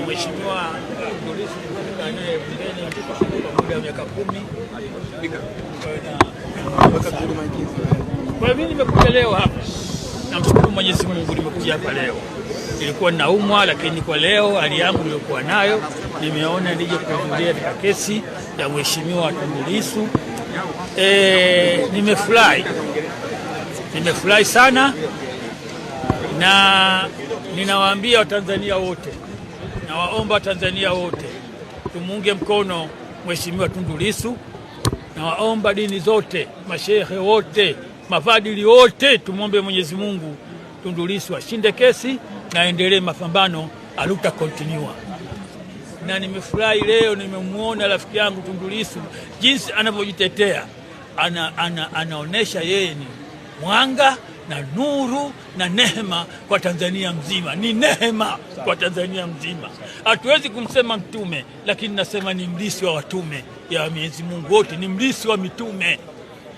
mheshimiwa muda wa miaka kumi. Kwa mimi nimekuja leo hapa, namshukuru Mwenyezi Mungu, nimekuja hapa leo. ilikuwa ninaumwa, lakini kwa leo hali yangu niliyokuwa nayo nimeona nije kuhudhuria katika kesi ya mheshimiwa Tundu Lissu. E, nimefurahi, nimefurahi sana na ninawaambia Watanzania wote Nawaomba Tanzania wote tumuunge mkono Mheshimiwa Tundu Lissu. Nawaomba dini zote, mashehe wote, mafadili wote, tumwombe Mwenyezi Mungu Tundu Lissu ashinde kesi na aendelee mapambano aluta kontinua. Na nimefurahi leo nimemwona rafiki yangu Tundu Lissu jinsi anavyojitetea ana, ana, anaonesha yeye ni mwanga na nuru na nehema kwa Tanzania mzima. Ni nehema kwa Tanzania mzima. Hatuwezi kumsema mtume, lakini nasema ni mlisi wa watume ya Mwenyezi Mungu wote, ni mlisi wa mitume,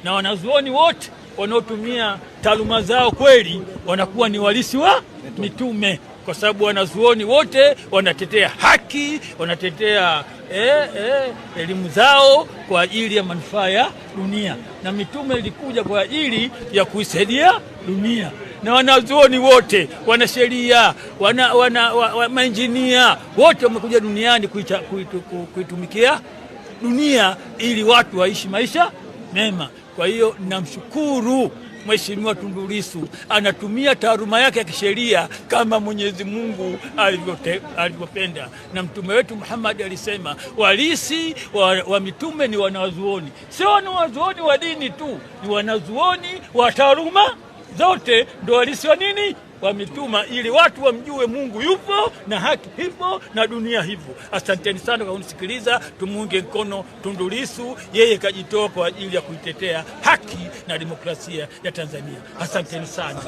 na wanazuoni wote wanaotumia taaluma zao kweli wanakuwa ni walisi wa mitume kwa sababu wanazuoni wote wanatetea haki, wanatetea elimu eh, eh, elimu zao kwa ajili ya manufaa ya dunia, na mitume ilikuja kwa ajili ya kuisaidia dunia na wanazuoni wote wana sheria wana, wana, wana, wana mainjinia wote wamekuja duniani kuitumikia dunia ili watu waishi maisha mema. Kwa hiyo namshukuru Mheshimiwa Tundu Lissu anatumia taaluma yake ya kisheria kama Mwenyezi Mungu alivyopenda, na mtume wetu Muhammad alisema walisi wa, wa mitume ni wanazuoni, sio wanazuoni wa dini tu, ni wanazuoni wa taaluma zote, ndo walisi wa nini wametuma ili watu wamjue Mungu yupo na haki hivyo na dunia hivyo. Asanteni sana kwa kunisikiliza. Tumuunge mkono Tundu Lissu, yeye kajitoa kwa ajili ya kuitetea haki na demokrasia ya Tanzania. Asanteni sana.